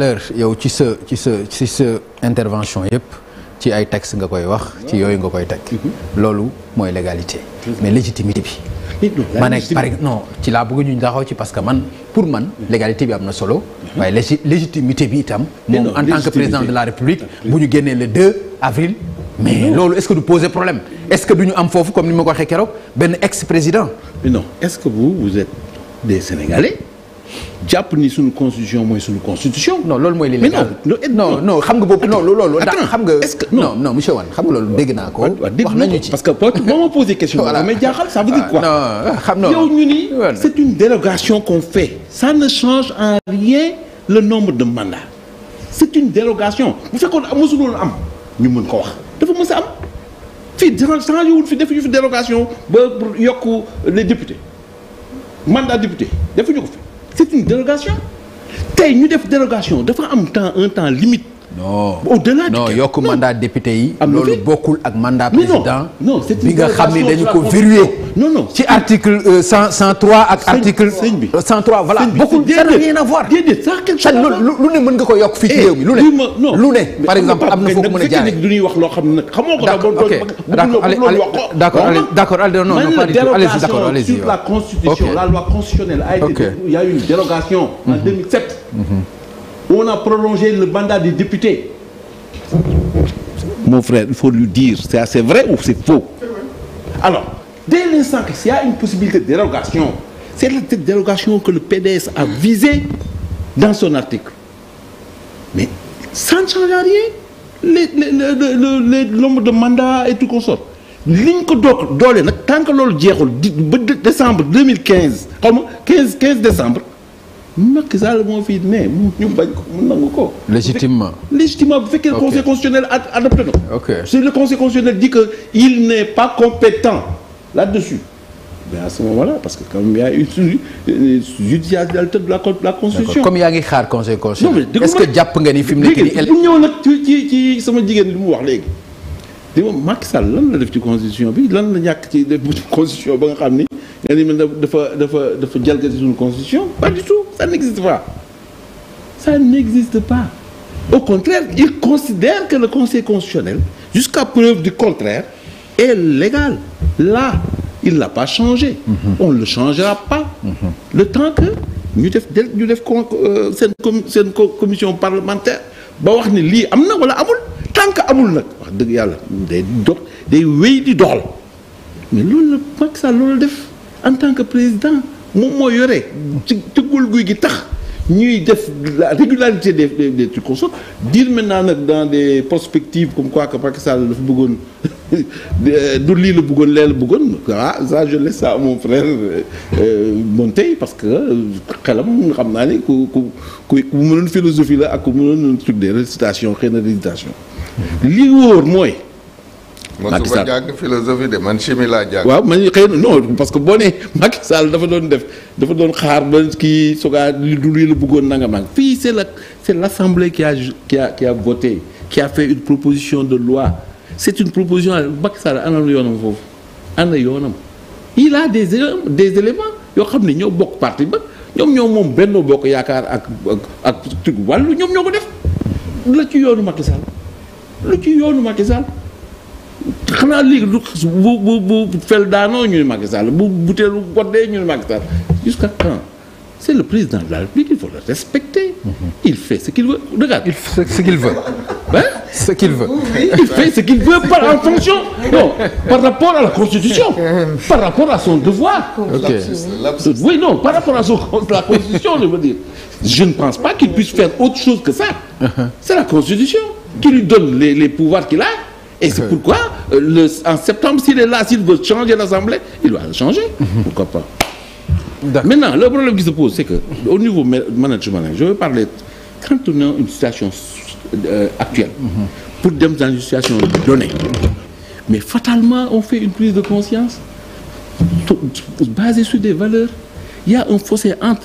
à yow ci sa ci sa ci sa intervention yëpp ci ay texte nga koy wax ci yooyu nga koy teg mhm. loolu mooy légalité mhm. mais légitimité bi ma nekk par exemple non ci laa bëgg ñu taxaw ci parce que man pour man mhm. légalité bi am na solo waaye légi légitimité bi itam eh moom en tant que président de la république ah, bu ñu génnee le 2 avril mais loolu est-ce que du poser problème est-ce que du ñu am foofu comme ni ma ko waxee keroog benn ex président non est-ce que vous vous êtes des sénégalais jàpp ni suñu constitution mooy suñu constitution. non lool mooy li légal mais non non xam nga boobu non loolu. attends xam nga est-ce que non non monsieur Wane xam nga loolu dégg naa ko. wax nañu ci parce que boo ma posé question. voilà mais jaaxal ça veut dire quoi. non xam ñu ni c'est une dérogation qu'on fait. ça ne change en rien le nombre de mandats. c'est une dérogation bu fekkoon mosul woon am ñu mën ko wax dafa mës a am fii changé wul fi defuñu fi dérogation ba yokk les députés mandat député defuñu ko fi. c'est une dérogation tey ñu def dérogation dafa am temps un temps limite. non au-delà non yokk mandat député yi. am loolu bokkul ak mandat président. non non c'est une bi nga xam ni dañu ko verrouillé. non non ci article euh, cent cent trois ak. article sëñ bi euh, cent trois voilà. bokkul ça n'a rien à voir déedéet mën nga ko yokk fi ci réew mi lu ne. Eh, lu ne par exemple am na foo ko mën a jaaree du ñuy wax loo xam ne xamoo ko. d'accord ok d'accord allez non non pas du tout allez-y d'accord y sur la constitution la loi constitutionnelle a été il y dérogation mhm. mhm. a prolongé le mandat des députés mon frère il faut lui dire c'est vrai ou c'est faux dès l'instant qu'il y a une possibilité de dérogation, c'est la que le PDS a visée dans son article. Mais ça ne change rien. le nombre de mandats et tout consort. liñ ko doog doole nag tant que loolu jeexul di ba décembre 2015 xam nga 15 15 décembre Macky Sall moo fi ne ñu bañ ko mu ko. légitimement légitimement bu fekkee conseil constitutionnel adopté na. ok c'est le conseil constitutionnel dit que il n'est pas compétent. là-dessus mais à ce moment-là parce que quand même y a une la la constitution. comme yaa ngi xaar conseil constitutionnel. est-ce que jàpp nga ni fim mu nekk nii. bu ñëw ci sama jigéen li mu wax léegi. di moom Macky Sall lan la def ci constitution bi lan la ñàkk ci constitution ba nga xam ni. nga ni man dafa dafa dafa jalgati suñu constitution pas du tout ça n'existe pas ça n'existe pas au contraire il considère que le conseil constitutionnel jusqu'à preuve du contraire est légal là. il l'a pas changé. Mm-hmm. on le changera pas. Mm-hmm. le temps que ñu def ñu def con euh, seen com seen commission parlementaire ba wax ni lii am na wala amul tant que amul nag wax dëgg yàlla day dox di doxal mais loolu la Macky Sall loolu def en tant que président moom moo yore. ci guy gi tax. ñuy def la régularité des des des trucs dire maintenant nag dans des perspectives comme quoi que Macky Sall dafa bëggoon du lii la bëggoon lee la bëggoon ah ça je laisse ça à mon frère euh, euh, Montey parce que euh, xelam xam naa ni ku ku ku mënoon philosophie la ak ku mënoon truc de récitation xëy na récitation lii wóor mooy. Macky Sall jàng philosophie de man chimie laa jàng. waaw man xëy na parce que boo nee Macky Sall dafa doon def dafa doon xaar ba ki sogaa du lii la bëggoon nangam nangam fii c' la c' est l' assemblée qui a qui a proposition de loi est une proposition Macky Sall ana yoonam foofu ana yoonam il a des des éléments yoo xam ne ñoo bokk parti ba ñoom ñoo moom Benno Bokk Yaakaar ak ak ak wàllu ñoom ñoo ko def la ci yoonu Macky Sall lu ci yoonu Macky Sall xanaa léegi du bu bu jusqu'à quand c'est le président de la République il faut le respecter. Mm-hmm. il fait ce qu'il veut regarde. en fonction non par rapport à la constitution. par rapport à son devoir. oui non par rapport à son constitution je ne pense pas qu'il puisse faire autre chose que ça. Uh-huh. c'est la constitution. qui lui donne les pouvoirs qu'il a. Et c'est pourquoi, euh, le, en septembre, s'il est là, s'il veut changer l'Assemblée, il va le changer. Mhm. Pourquoi pas Maintenant, le problème qui se pose, c'est que au niveau management, je veux parler, quand on une situation euh, actuelle, mhm. pour dem dans une situation donnée, mais fatalement, on fait une prise de conscience basée sur des valeurs. Il y a un fossé entre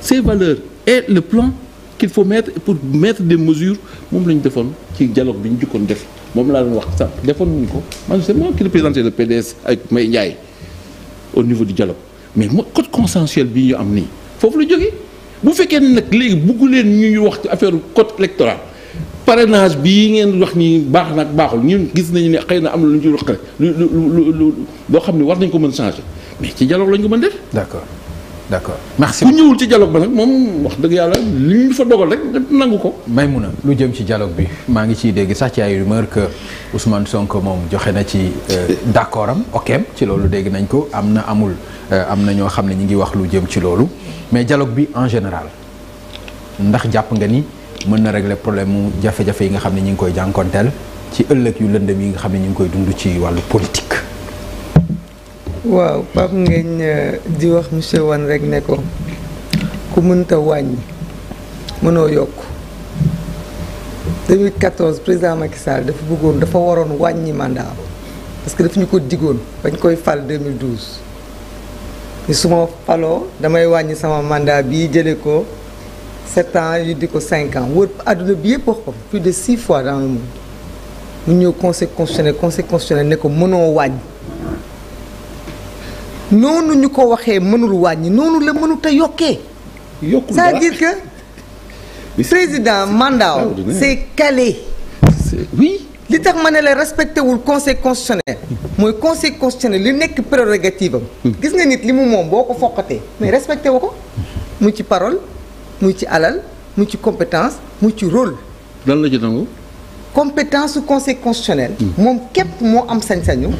ces valeurs et le plan qu'il faut mettre pour mettre des mesures moom la ñu defoon ci dialogue bi ñu jukkoon def moom laa doon wax sax defoon nañu ko man c'est moi qui représentais le PDS ak May Ndiaye au niveau du dialogue mais mooy code consensuel bi ñu am nii foofu la jógee bu fekkee ne nag léegi buggu leen ñuy wax ci affaire code électoral parrainage bii ngeen wax ni baax nag baaxul ñun gis nañu ne xëy na am lu ñu ci wax lu lu lu loo xam ne war nañ ko mën changer mais ci dialogue lañ ko mën def d'accord d'accord merci ku ñëwul ci dialogue ba nag moom wax dëgg yàlla li ñu fa dogal rek nangu ko. Maimouna lu jëm ci dialogue bi maa ngi ciy dégg sax ci ay rumeur que Ousmane Sonko moom joxe na ci euh, d'accord am okem ci loolu dégg nañ ko am na amul euh, am na ñoo xam ne ñu ngi wax lu jëm ci loolu mais dialogue bi en général ndax jàpp nga ni mën na régler problème mu jafe-jafe yi nga xam ne ñu ngi koy jànkonteel ci ëllëg yu lëndëm yi nga xam ne ñu ngi koy dund ci wàllu politique. waaw Pape Ngagne euh, di wax monsieur Wane rek ne ko ku mënta wàññi mënoo yokk 2014 président Macky Sall dafa bëggoon dafa waroon wàññi mandat parce que daf ñu ko digoon bañ koy fal 2012 ni su ma faloo damay wàññi sama mandat bii jëlee ko 7 ans yu di ko 5 ans wër àdduna bi yëpp wax ko puis de 6 fois dans le mu ñëw conseil constitutionnel conseil constitutionnel ne ko mënoo wàññ noonu ñu ko waxee mënul wàññi noonu la mënut a yokkee. yokkul c'est-à-dire que président mandat se calé. oui. li tax ma ne la respecté wul conseil constitutionnel. mooy conseil constitutionnel li nekk prérogative am. Hmm. gis nga nit li mu moom boo ko foqatee mais respecté wu ko. mu ci parole muy ci alal mu ci compétence mu ci rôle. lan la ci nangu. compétence su conseil constitutionnel. Hmm. moom képp moo am sañ-sañu.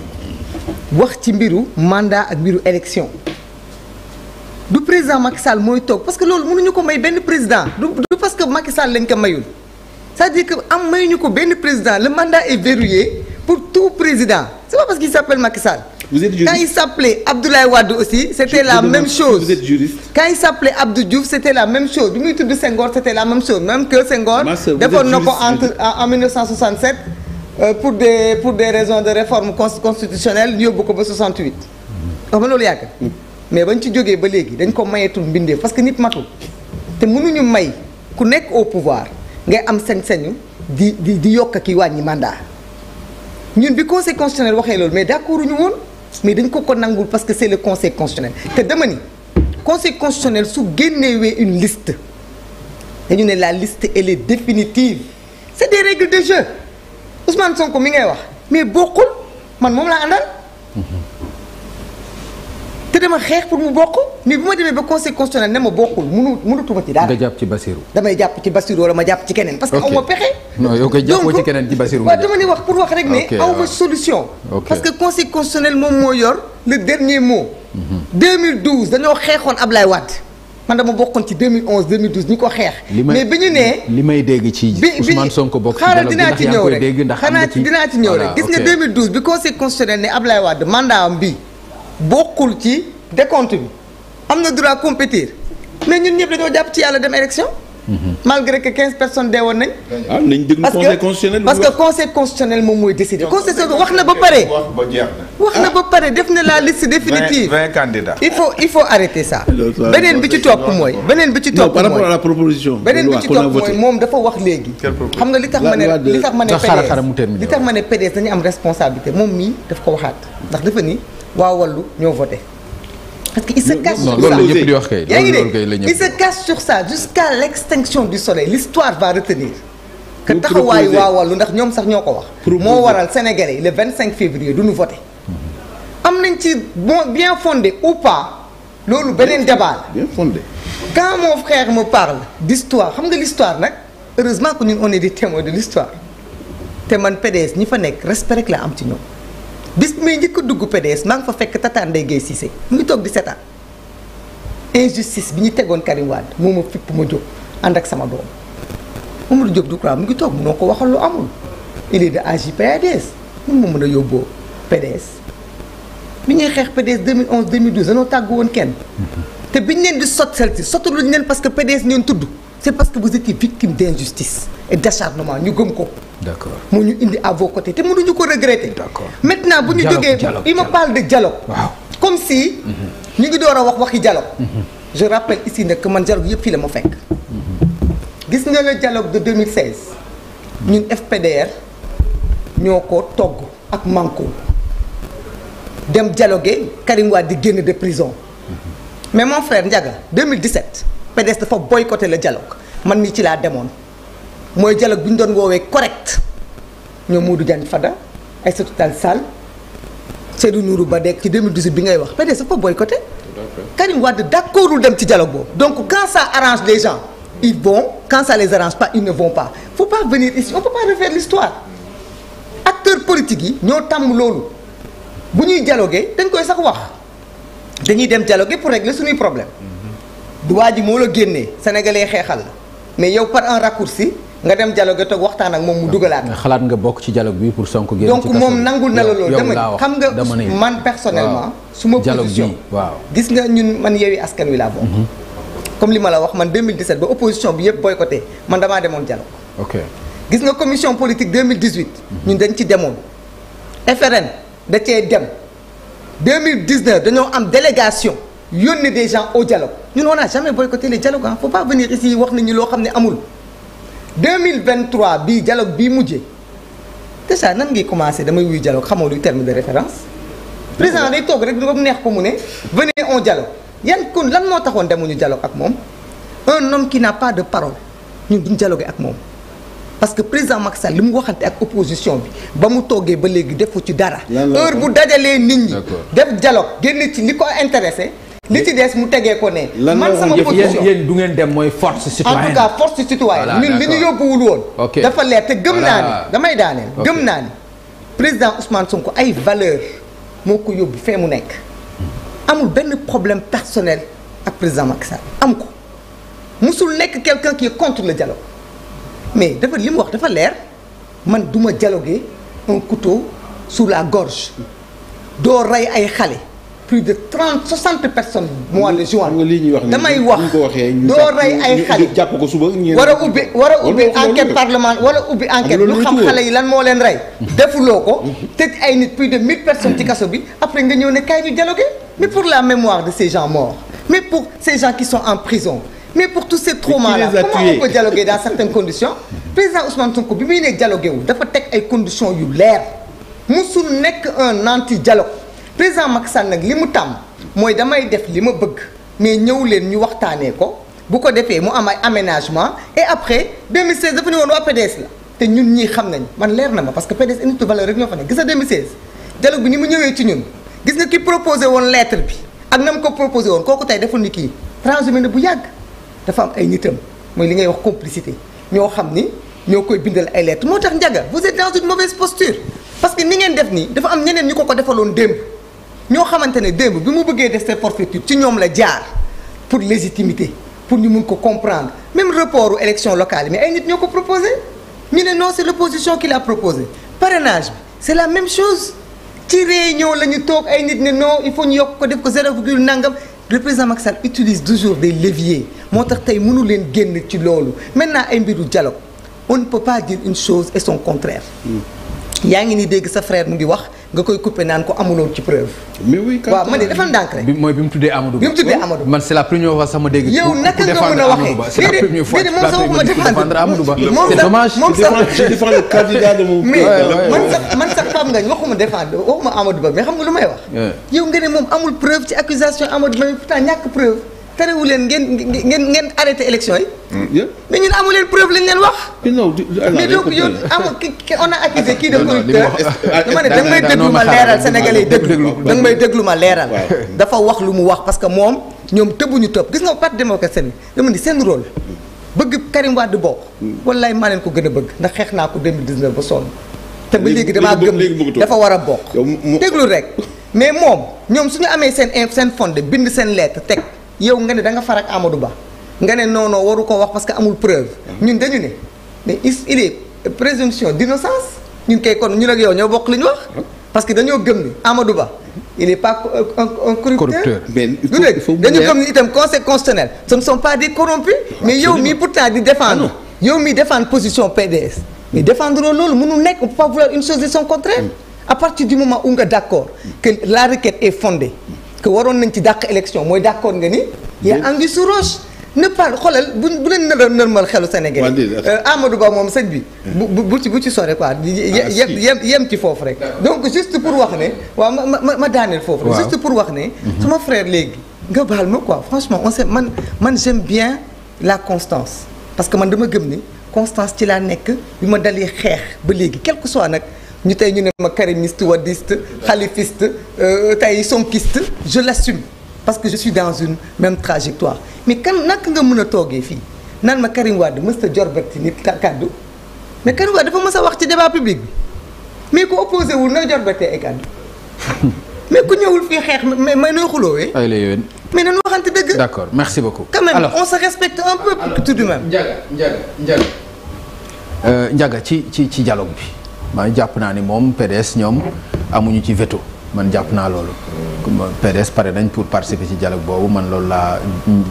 wax ci mbiru mandat ak mbiru élection du président Macky Sall mooy toog parce que loolu ñu ko may benn président du du parce que Macky Sall lañ ko mayul c'est-à-dire que am mayuñu ko benn président le mandat est verrouillé pour tout président c'est pas parce qu'il s'appelle Macky Sall. vous êtes juriste quand il s'appelait Abdoulaye Wade aussi c'était la même chose vous êtes juriste. quand il s'appelait Abdou la même chose bi muy tudd Senghor c'était la même chose même que Senghor. defoon na ko entre en 1967. Euh, pour de pour de raisons de réforme constitutionnelle ñu yóbbu ko ba 68. xam nga loolu yàgg. Mm. mais bañ ci jógee ba léegi dañ ko mayeetul mbindeef parce que nit matul te mënuñu may ku nekk au pouvoir ngay am sañ-sañu di di di yokk ki wàññi mandat ñun bi conseil constitutionnel waxee loolu mais d'accord ñu woon mais dañ ko ko nangul parce que c'est le conseil constitutionnel te dama ni conseil constitutionnel su génnewee une liste dañu ne la liste elle est définitive c'est des règles de jeu. Ousmane Sonko mi ngay wax mais bokkul man moom laa àndal. te dama xeex pour mu bokk mais bu ma demee ba conseil constitutionnel ne ma bokkul munu munutuma ci daal. nga jàpp ci Basirou. damay jàpp ci Basirou wala ma jàpp ci keneen. parce que aw ma pexe. non yow ci keneen ci Basirou. waaw dama ni wax pour wax rek ne. aw ma solution. parce que conseil constitutionnel moom moo yor le dernier mot. 2012 mhm. dañoo xeexoon Ablaye Wade. man dama bokkoon ci 2011 2012 ñu ko xeex. mais bi ñu nee li may dégg ci Ousmane Sonko bokk ci xaaral dinaa ci ñëw rek xanaa dinaa ci ñëw rek gis nga 2012 bi conseil constitutionnel ne Ablaye Wade mandatam bi bokkul ci décompte bi am na droit compétir mais ñun ñëpp dañoo jàpp ci yàlla dem élection. malgré que quinze personnes dee woon nañ. ah nañ déglu conseil constitutionnel parce que conseil constitutionnel moom mooy décidé. conseil wax na ba pare wax na ba pare def na la ah, liste définitive. il faut il faut arrêter ça. beneen bi ci topp mooy. beneen bi ci topp mooy par rapport à la proposition. beneen bi ci topp mooy moom dafa wax léegi. xam nga li tax ma ne li tax ma ne PDS li tax ma ne PDS dañu am responsabilité moom mii daf ko waxaat ndax dafa ni waa wallu ñoo voté. parce que il se cache sur ça loolu la ñëpp di wax kay. yaa ngi dégg il sur ça jusqu'à l'extinction du soleil l'histoire va retenir. que taxawaayu waa wàllu ndax ñoom sax ñoo ko wax. moo waral Sénégalais yi le 25 février du ñu voté. Mm-hmm. am nañ ci bon bien fondé ou pas loolu beneen débat la. bien fondé. quand mon frère me parle d'histoire xam nga l'histoire nag heureusement que ñun on est des de l'histoire te man PDS ñi fa nekk respect la am ci ñoom. bis may njëkk a dugg PDS maa ngi fa fekk Tata Ndeye Gueye Cissé mu ngi toog di seetaan injustice bi ñu tegoon Karim Wade moo ma fipp ma jóg ànd ak sama doom jóg du Decroix mu ngi toog munoo ko waxal lu amul il est de AJ/PADS mun ma mën a yóbboo PDS. mi ñuy xeex PDS 2011 2012 danoo tàggu woon kenn mm-hmm. te biñ leen di sot selti sotaluñ leen parce que PDS ñoon tudd. c'est parce que vous étiez victime d'injustice et d'acharnement ñu gëm ko. d'accord ñu indi à vos côtés te mënuñu ko regretter. d'accord maintenant bu ñu jógee il me parle de dialogue. waaw comme si. Mhm. ñu ngi door a wax waxi dialogue. Mhm. je rappelle ici nag man dialogue yëpp fii la ma fekk. Mhm. gis nga le dialogue de 2016 ñun FPDR ñoo ko togg ak Manko dem dialoguer Karim Wade di génn de prison mais mon frère Ndiaga 2017. PDS dafa boycotté la dialogue man mii ci laa demoon mooy dialogue bi ñu doon woowee correct ñoom Modou Diagne Fada Aïssatou Tall Sall Seydou nuru Ba dekk ci 2018 bi ngay wax PDS dafa boycotté Karim Wade d'accordul dem ci dialogue boobu donc quand ça arrange les gens ils vont quand ça les arrange pas ils ne vont pas faut pas venir ici on peut pas refaire l'histoire acteurs politiques yi ñoo tàmm loolu bu ñuy dialoguer dañ koy sax wax dañuy dem dialoguer pour régler suñuy problème du waa ji moo la génnee sénégalais xeexal la mais yow par un raccourci nga dem dialogue toog waxtaan ak moom mu dugalaat. xalaat nga bokk ci dialogue bi pour Sonko génn ci donc moom na la loolu. dama xam nga man personnellement. su ma position waaw gis nga ñun man Yewwi Askan Wi laa bokk. Mhm. comme li ma la wax man 2017 ba opposition bi yëpp boycotté man damaa demoon dialogue. ok gis nga commission politique 2018. Mhm. ñun dañ ci demoon. FRN da cee dem 2019 dañoo am délégation. yónni des gens au dialogue ñun on a jamais boycotté les dialogues ah faut pas venir ici wax nañu loo xam ne amul 2023 bii dialogue bii mujjee déjà nan ngi commencé damay wuy dialogue xamoo luy terme de référence président day toog rek du mu neex ko mu ne venez on dialogue yan kon lan moo taxoon demuñu dialogue ak moom un homme qui n'a pas de parole ñun duñ jaloge ak moom parce que président Macky Sall li mu waxante ak opposition bi ba mu toogee ba léegi defu ci dara heure bu dajalee nit ñi def dialogue génn ci li ko intéressé li ci des mu tegee ko ne. man sama position du ngeen dem mooy force citoyenne. en tout cas force citoyenne. ñun li ñu yóbbuwul woon. dafa leer te gëm naa ni damay daaneel. gëm naa ni président Ousmane Sonko ay valeur moo ko yóbbu fee mu nekk. amul benn problème personnel ak président Macky Sall am ko musul nekk quelqu'un qui est contre le dialogue mais dafa li mu wax dafa leer man duma dialoguer un couteau sous la gorge doo rey ay xale. plus de trente soixante personnes. mois de juin damay wax doo rey ay xale. jàpp ko suba war a ubbi war a ubbi enquête parlement war a ubbi enquête ñu xam xale yi lan moo leen rey. defuloo ko tëj ay nit plus de mille personnes ci kaso bi après nga ñëw ne kay ñu dialogué mais pour la mémoire de ces gens morts mais pour ces gens qui sont en prison mais pour tous ces traumas là comment on peut dialoguer dans certaines conditions président Ousmane Sonko bi muy ne dafa teg ay conditions yu leer musul nekk un anti président Macky Sall nag li mu tàmm mooy damay def li ma bëgg mais ñëw leen ñu waxtaanee ko bu ko defee mu am ay aménagement et après 2016 dafa ne woon waa PDS la te ñun ñii xam nañ man leer na ma parce que PDS unité valeur rek ñoo fa ne gisa nga 2016 dialogue bi ni mu ñëwee ci ñun gis nga ki proposé woon lettre bi ak na mu ko proposé woon kooku tey deful ni kii transhumé na bu yàgg dafa am ay nitam mooy li ngay wax complicité ñoo xam ni ñoo koy bindal ay lettre moo tax njaga vous êtes dans une mauvaise posture parce que ngeen def nii dafa am ñeneen ñu ko ko defaloon démb ñoo xamante ne démb bi mu bëggee def ses forfaiture ci ñoom la jaar pour légitimité pour ñu mun ko comprendre même report u élection locale mais ay nit ñoo ko proposé ñu ne non c'est l'opposition qui l'a proposé parrainage bi c'est la même chose ci réunion la ñu toog ay nit ne non il faut ñu yokk ko def ko zéro virgule nangam le président Macky Sall de toujours des leviers moo tax tey mënu leen génn ci loolu maintenant ay mbiru dialogue on ne peut pas dire une chose et son contraire hmm. yaa ngi ni dégg sa frère mu ngi wax nga koy coupé naan ko amuloon ci preuve. mais oui waaw man de defal ndànk rek. bi mu tuddee Amadou Ba bi mu tuddee Amadou Ba man c'est la première fois sama dégg. yow naka nga mën a waxee c'est la moom ma défendre Amadou Ba sax man sax man sax xam nga waxuma défendre waxuma Amadou Ba mais xam nga lu may wax. yow nga ne moom amul preuve ci accusation Amadou Ba mais pourtant ñàkk preuve terewu leen ngeen ngeen ngeen arrêté élection yi. Mm, mais ñun amu leen preuve lañ leen wax. non du du mais donc yow amul ki kii de corrupteur. dama ne danga may déglu ma leeral sénégalais yi déglu danga may déglu ma leeral. dafa wax lu mu wax parce que moom ñoom tëbuñu topp gis nga parti démocrate seen dama ni seen rôle. bëgg Karim Wade bokk. wallaay maa leen ko gën a bëgg ndax xeex naa ko 2019 ba sonn. te ba léegi damaa gëm dafa war a bokk. déglu rek mais moom ñoom su ñu amee seen seen fond bind seen lettre teg yow nga ne da nga far ak Amadou Ba nga ne non waru ko wax parce que amul preuve mm-hmm. ñun dañu ne mais il est présomption d'innocence ñun kay kon ñu ak yow ñoo bokk li ñu wax mm-hmm. parce que dañoo gëm ni Amadou Ba il n'est pas euh, un corrupteur mais dañu gëm ni itam conseil constitutionnel ce ne sont pas des corrompus mm-hmm. mais yow mii pourtant di défendre ah yow mii défendre position PDS mais défendre loolu mënul nekk on peut pas vouloir une chose contraire mm. à partir du moment où nga d'accord que la requête est que waroon nañ ci dàq élection mooy d'accord nga ni. y a anguille sous roche. ne pas bu bu leen nar a normal xelu Sénégal euh, Amadou Ba moom sëñ bi. Eh. bu bu ci bu ci sore quoi. Ah, yem yem ci foofu rek. donc juste pour wax ne. waaw ma ma ma daaneel foofu. rek juste pour wax ne. Mhm. ma frère léegi. nga baal ma quoi franchement on sait man man j'aime bien la constance parce que man dama gëm ni constance ci laa nekk bi ma dalee xeex ba léegi quel que soit nag. ñu tey ñu ne ma karimiste wadiste xalifiste euh, tey sonkiste je l'assume parce que je suis dans une même trajectoire mais kan nak nga mën a toogee fii naan ma Karim Wade mës ta jorbati nit kàddu mais Karim Wade dafa mës wax ci débat public bi mais ku opposé wul nooy jorbatee ay kàddu mais ku ñëwul fii xeex mais may nooy xuloowee eh? ay la yowén mais nañu waxante dëgg d'accord merci beaucoup quand même alors, on se respecte un peu tout de même Ndiaga Ndiaga Ndiaga euh, ci ci ci dialogue bi man jàpp naa ni moom PDS ñoom amuñu ci veto man jàpp naa loolu. PDS pare nañ pour participer ci dialogue boobu man loolu laa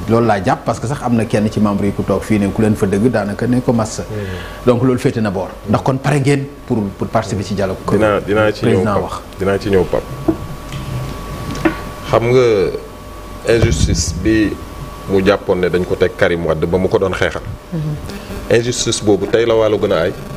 loolu laa jàpp parce que sax am na kenn ci membre yi ku toog fii ne ku leen fa dëgg daanaka ne ko mas hmm. donc loolu féete na boor. ndax kon pare ngeen pour pour participer ci dialogue. dinaa dinaa ci ñëw Pape dinaa ci ñëw xam nga injustice bi mu jàppoon ne dañ ko teg Karim Wade ba mu ko doon xeexal. Hmm. injustice boobu tey la wàllu gën a aay.